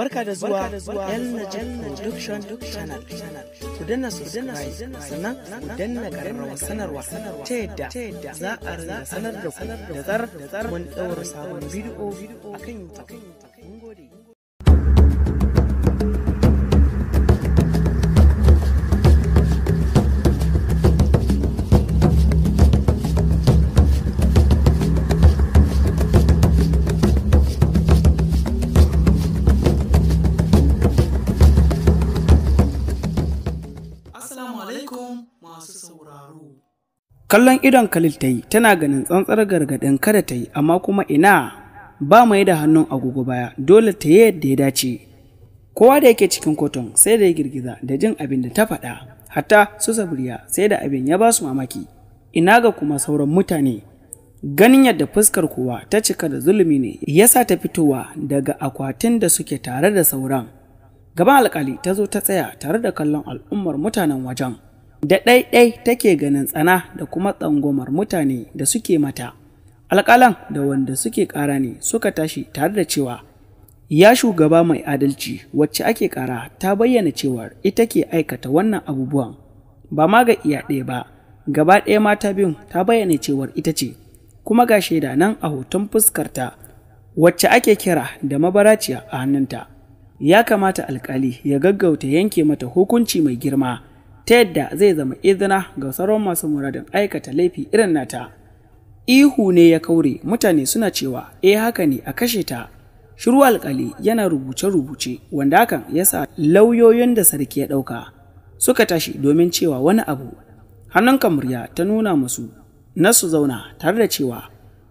Barka da zuwa El Najib Production Channel. Ku danna subscribe sannan ku danna karamar sanarwa ta yadda za a rinda sanar da ku da zar mun ɗaura sabon bidiyo a kan YouTube. Mun gode. Kallon idon kalil ta yi tana ganin tsantsar gargaɗin kada ta yi amma kuma ina ba mai da hannun agogo baya dole ta yi yadda ya dace. Kowa da yake cikin kotun, sai da ya girgiza da jin abin da ta faɗa hatta su sabriya sai da abin ya ba su mamaki ina ga kuma sauran mutane. Ganin yadda fuskar kowa ta cika da zulumi ne yasa ta fitowa daga akwatin da suke tare da sauran. Gaban alkali ta zo ta tsaya tare da kallon al'ummar mutanen wajen. da ɗaiɗai take ganin tsana da kuma tsangwamar mutane da suke mata. Alƙalan da wanda suke ƙara ne suka tashi tare da cewa ya shugaba mai adalci wacce ake ƙara ta bayyana cewa ita ke aikata wannan abubuwan ba ma ga iya ɗaya ba gaba ɗaya mata biyun ta bayyana cewar ita ce kuma ga shaida nan a hoton fuskarta wacce ake kira da mabaraciya a hannunta ya kamata alkali ya gaggauta yanke mata hukunci mai girma ta yadda zai zama izina ga sauran masu muradin aikata laifi irin nata ihu ne ya kaure mutane suna cewa eh haka ne a kashe ta shiru alkali yana rubuce-rubuce wanda hakan ya sa lauyoyin da sarki ya ɗauka suka tashi domin cewa wani abu hannun kamurya ta nuna musu na su zauna tare da cewa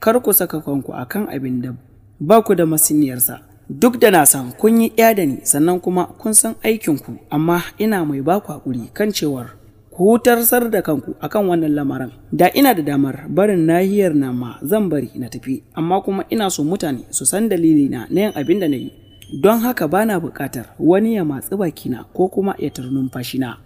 kar ku saka kanku akan abin da ba ku da masiniyarsa duk da na san kun yi ɗaya da ni sannan kuma kun san aikinku amma ina mai baku hakuri kan cewar ku hutar da kanku akan wannan lamarin da ina da damar barin nahiyar na ma zan bari na tafi amma kuma ina so mutane su san dalili na na yin abin da na yi don haka bana buƙatar wani ya matsi bakina ko kuma ya tar na,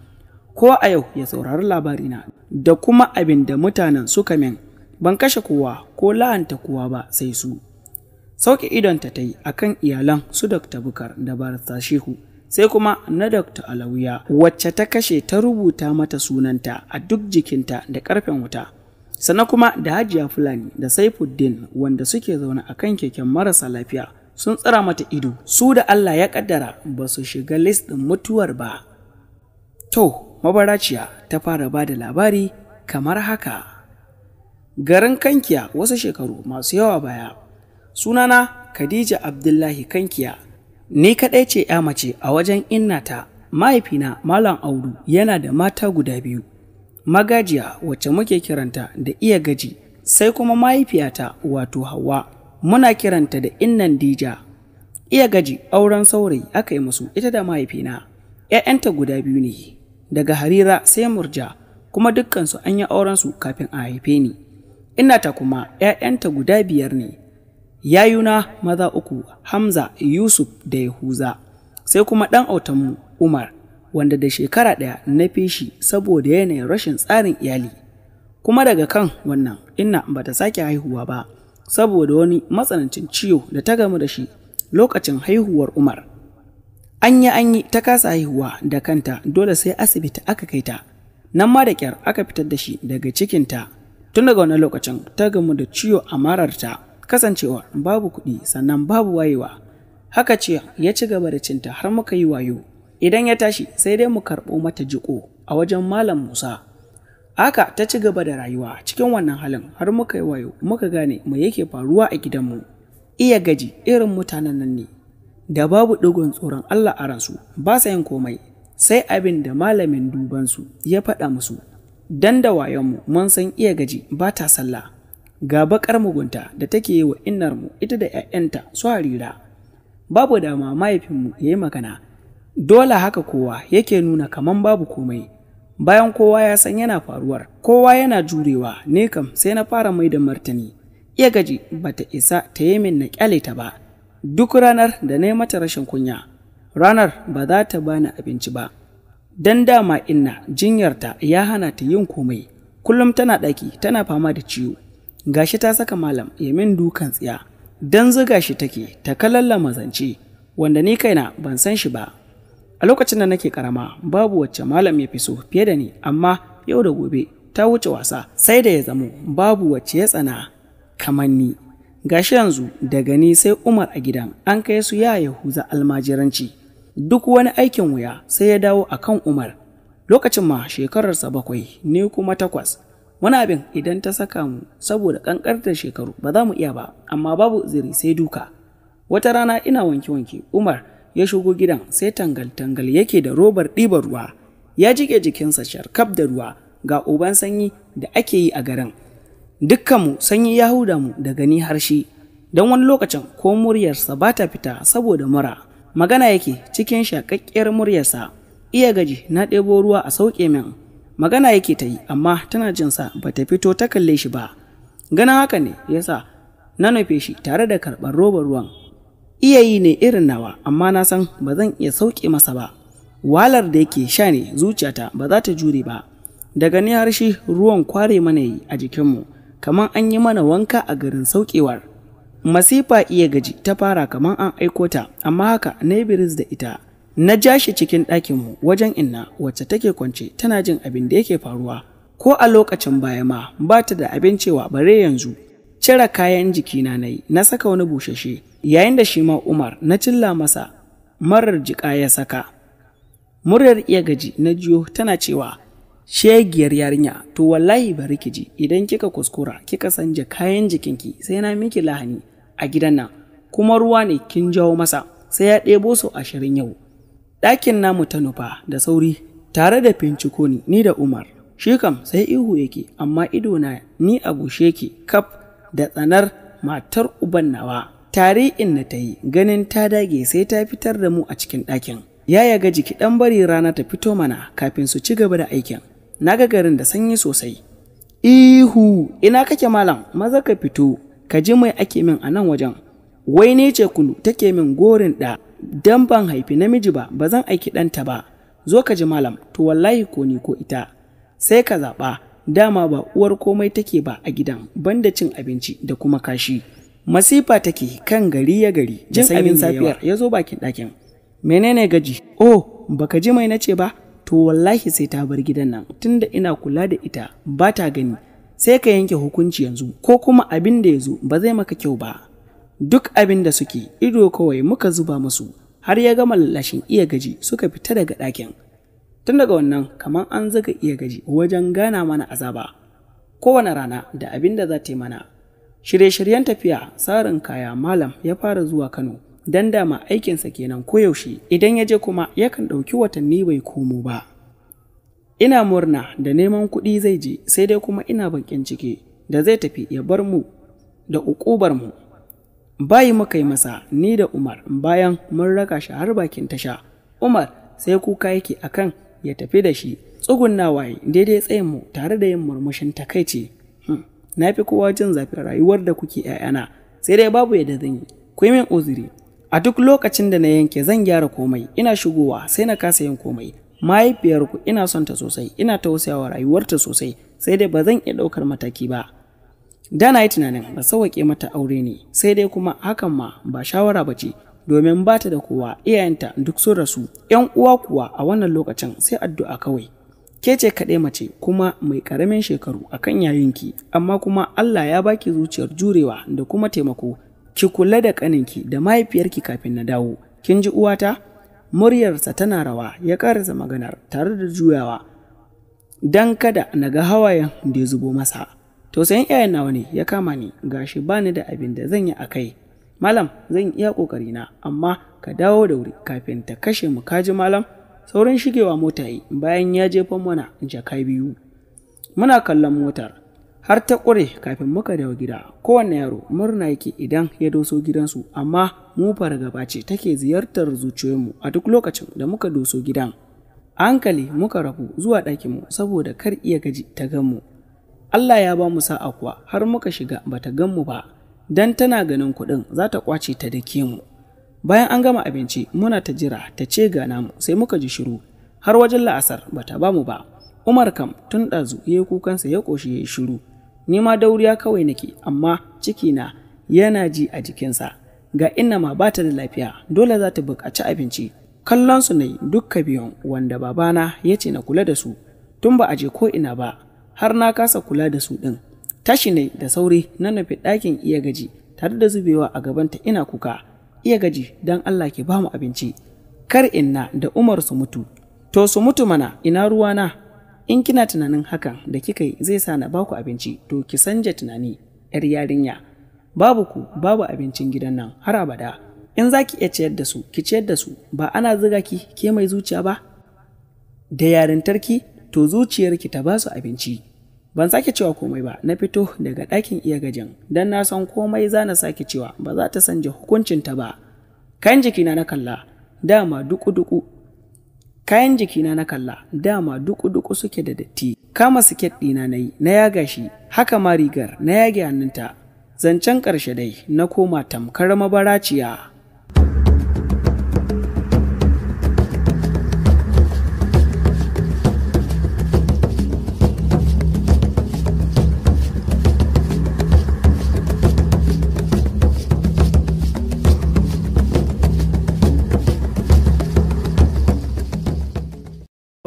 ko a yau ya saurari labarina da kuma abin da mutanen suka min ban kashe kowa ko la'anta kowa ba sai su Sauke idonta ta yi a kan iyalan su Dr. Bukar da Barista Shehu, sai kuma na Dr. Alawiya wacce ta kashe ta rubuta mata sunanta a duk jikinta da ƙarfen wuta. Sana kuma da Hajiya Fulani da Saifuddin wanda suke zaune a kan keken marasa lafiya sun tsara mata ido, su da Allah ya ƙaddara ba su shiga list ɗin mutuwar ba. To, mabaraciya ta fara ba da labari kamar haka. Garin Kankiya wasu shekaru masu yawa baya sunana Khadija Abdullahi Kankiya. Ni kaɗai ce ‘ya mace a wajen innata, mahaifina Malam Audu yana da mata guda biyu, magajiya wacce muke kiranta da iya gaji, sai kuma mahaifiyata wato Hauwa, muna kiranta da innan Dija. Iya gaji auren saurayi aka yi musu ita da mahaifina, ‘ya'yanta guda biyu ne, daga harira sai murja, kuma dukkansu an yi aurensu kafin a haife ni. Innata kuma ‘ya'yanta guda biyar ne. yayuna maza uku Hamza, Yusuf da Yahuza, sai kuma ɗan autanmu Umar, wanda da shekara ɗaya na fi shi saboda yanayin rashin tsarin iyali. Kuma daga kan wannan ina ba ta sake haihuwa ba, saboda wani matsanancin ciwo da ta gamu da shi lokacin haihuwar Umar. An yi an yi ta kasa haihuwa da kanta dole sai asibiti aka kai ta, nan ma da kyar aka fitar da shi daga cikinta. Tun daga wani lokacin ta gamu da ciwo a mararta. kasancewa babu kuɗi sannan babu wayewa haka ce ya ci gaba da cinta har muka yi wayo idan ya tashi sai dai mu karɓo mata jiko a wajen malam musa haka ta ci gaba da rayuwa cikin wannan halin har muka yi wayo muka gane mai yake faruwa a gidanmu iya gaji irin mutanen nan ne da babu ɗigon tsoron allah a ransu ba sa yin komai sai abin da malamin dubansu ya faɗa musu dan da wayonmu mun san iya gaji ba ta sallah ga bakar mugunta da take yi wa innarmu ita da 'ya'yanta su harira babu dama mahaifinmu ya yi magana dole haka kowa yake nuna kamar babu komai bayan kowa ya san yana faruwar kowa yana jurewa ne kam sai na fara mai da martani iya gaji ba ta isa ta yi min na kyale ta ba duk ranar da na yi mata rashin kunya ranar ba za ta bani abinci ba dan dama inna jinyarta ya hana ta yin komai kullum tana ɗaki tana fama da ciwo gashi ta saka malam yamin dukan tsiya don zuga shi take ta kalalla mazance wanda ni kaina ban san shi ba a lokacin da nake karama babu wacce malam ya fi so fiye da ni amma yau da gobe ta wuce wasa sai da ya zamo babu wacce ya tsana kamar ni gashi yanzu daga ni sai umar a gidan an kai su ya yahuza almajiranci duk wani aikin wuya sai ya dawo akan umar lokacin ma shekararsa bakwai ni kuma takwas wani abin idan ta saka mu saboda kankartar shekaru ba za mu iya ba amma babu ziri sai duka wata rana ina wanke-wanke umar ya shigo gidan sai tangal-tangal yake da robar ɗibar ruwa ya jike jikinsa sharkaf da ruwa ga uban sanyi da ake yi a garin dukkanmu sanyi ya huda mu da gani harshe. don wani lokacin ko muryarsa ba ta fita saboda mura magana yake cikin shakakkiyar muryarsa iya gaji na ɗebo ruwa a sauƙe min magana yake ta yi amma tana jinsa ba ta fito ta kalle shi ba ganin haka ne ya sa. na nufe shi tare da karɓar robar ruwan iya yi ne irin nawa amma na san ba zan iya sauke masa ba walar da yake sha ne zuciyata ba za ta jure ba daga ni har shi ruwan kware mana yi a jikinmu kamar an yi mana wanka a garin saukewar masifa iya gaji ta fara kamar an aiko ta amma haka na da ita Na ja shi cikin ɗakinmu wajen inna wacce take kwance tana jin abin da yake faruwa, ko a lokacin baya ma ba ta da abin cewa bare yanzu. Cire kayan jikina na yi, na saka wani bushashe, yayin da shi ma Umar na cilla masa marar jika ya saka. Muryar iya gaji na jiyo tana cewa, Shegiyar yarinya, to wallahi bari ki ji idan kika kuskura kika sanja kayan jikinki sai na miki lahani a gidan nan, kuma ruwa ne kin jawo masa sai ya ɗebo su ashirin yau. ɗakin namu ta nufa da sauri tare da finciko ni ni da umar shi kam sai ihu yake amma idona ni a gushe ke kaf da tsanar matar uban nawa tare in na ta yi ganin ta dage sai ta fitar da mu a cikin ɗakin ya yaga jiki ɗan bari rana ta fito mana kafin su ci gaba da aikin na ga garin da sanyi sosai ihu ina kake malam maza ka fito ka ji mai ake min a nan wajen wai ne ce kulu take min gorin ɗa dan ban haifi namiji ba ba zan aiki ɗanta ba zo ka ji malam to wallahi ko ni ko ita sai ka zaɓa dama ba uwar komai take ba a gidan banda cin abinci da kuma kashi masifa take kan gari ya gari jin abin safiyar ya zo bakin ɗakin menene gaji oh baka ji mai nace ba to wallahi sai ta bar gidan nan tunda ina kula da ita ba ta gani sai ka yanke hukunci yanzu ko kuma abin da ya zo ba zai maka kyau ba duk abin da suke ido kawai muka zuba musu har ya gama lalashin iya gaji suka fita daga ɗakin tun daga wannan kamar an zaga iya gaji wajen gana mana azaba kowane rana da abin da za ta yi mana shirye-shiryen tafiya tsarin kaya malam ya fara zuwa kano don dama aikinsa kenan koyaushe idan ya je kuma yakan ɗauki watanni bai komo ba ina murna da neman kuɗi zai je sai dai kuma ina bakin ciki da zai tafi ya bar mu da uƙubar mu bayi muka yi masa ni da umar bayan mun raka shi har bakin tasha umar sai kuka yake akan ya tafi da shi Tsugunna waye daidai tsayin mu tare da yin murmushin takaici hmm, na fi kowa jin zafin rayuwar da kuke ‘ya'yana sai dai babu yadda zan yi ku yi min uzuri a duk lokacin da na yanke zan gyara komai ina shigowa sai na kasa yin komai mahaifiyarku ina son ta sosai ina tausayawa rayuwarta sosai sai dai ba zan iya ɗaukar mataki ba da na yi tunanin ba sauwaƙe mata aure ne sai dai kuma hakan ma ba shawara ba ce domin ba ta da kowa iyayenta duk sun rasu yan uwa kuwa a wannan lokacin sai addu'a kawai ke ce kaɗai mace kuma mai ƙaramin shekaru a kan yayinki amma kuma Allah ya baki zuciyar jurewa da kuma taimako ki kula da ƙaninki da mahaifiyarki kafin na dawo kin ji uwata muryarsa tana rawa ya ƙarasa maganar tare da juyawa don kada na ga hawayen da ya zubo masa sai 'ya'yan nawa ne ya kama ni gashi bani da abin da zan yi a kai malam zan iya kokari na amma ka dawo da wuri kafin ta kashe mu kaji malam Saurin shigewa mota yi bayan ya jefa mana jaka biyu muna kallon motar har ta ƙure kafin muka dawo gida Kowanne yaro murna yake idan ya doso gidansu amma mu fargaba ce take ziyartar zuciyoyinmu a duk lokacin da muka doso gidan hankali muka rabu zuwa ɗakinmu saboda kar iya gaji ta ganmu Allah ya ba mu sa'a kuwa har muka shiga bata gan mu ba dan tana ganin kuɗin za ta kwace ta da ke mu. Bayan an gama abinci muna ta jira ta ce ga namu sai muka ji shiru har wajen la'asar bata ba mu ba. Umar kam tun ɗazu ya yi kukansa ya ƙoshi ya yi shiru. Ni ma dauriya kawai nake amma ciki na yana ji a jikinsa. Ga inna ma bata da lafiya dole za ta buƙaci abinci. Kallon su ne dukka biyun wanda babana ya ce na kula da su tun ba a je ko ina ba. har na kasa kula da su ɗin. Tashi ne da sauri na nufi ɗakin iya gaji tare da zubewa a gabanta ina kuka. Iya gaji don Allah ke bamu abinci. Kar inna da Umar su mutu. To su mutu mana ina ruwana. In kina tunanin hakan da kika yi zai sa na baku abinci to ki sanja tunani ‘yar yarinya. Babu ku babu abincin gidan nan har abada. In za ki iya ciyar da su ki ciyar da su ba ana ziga ki ke mai zuciya ba. Da yarintarki to zuciyarki ta ba su abinci ban sake cewa komai ba na fito daga ɗakin iya gajin. don na san komai za na sake cewa ba za ta sanja hukuncinta ba kayan jikina na kalla dama duku-duku kayan jikina na kalla dama duku-duku suke da datti kama siket ɗina na yi na yaga shi haka ma rigar na yage hannunta zancen ƙarshe dai na koma tamkar mabaraciya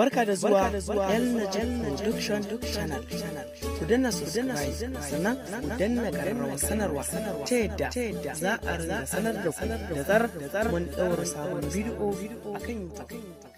Barka da zuwa Yalna Jalla Production Channel. Ku danna su sannan ku danna karamar sanarwa ta yadda za a sanar da ku da zar mun daura sabon bidiyo a kan YouTube.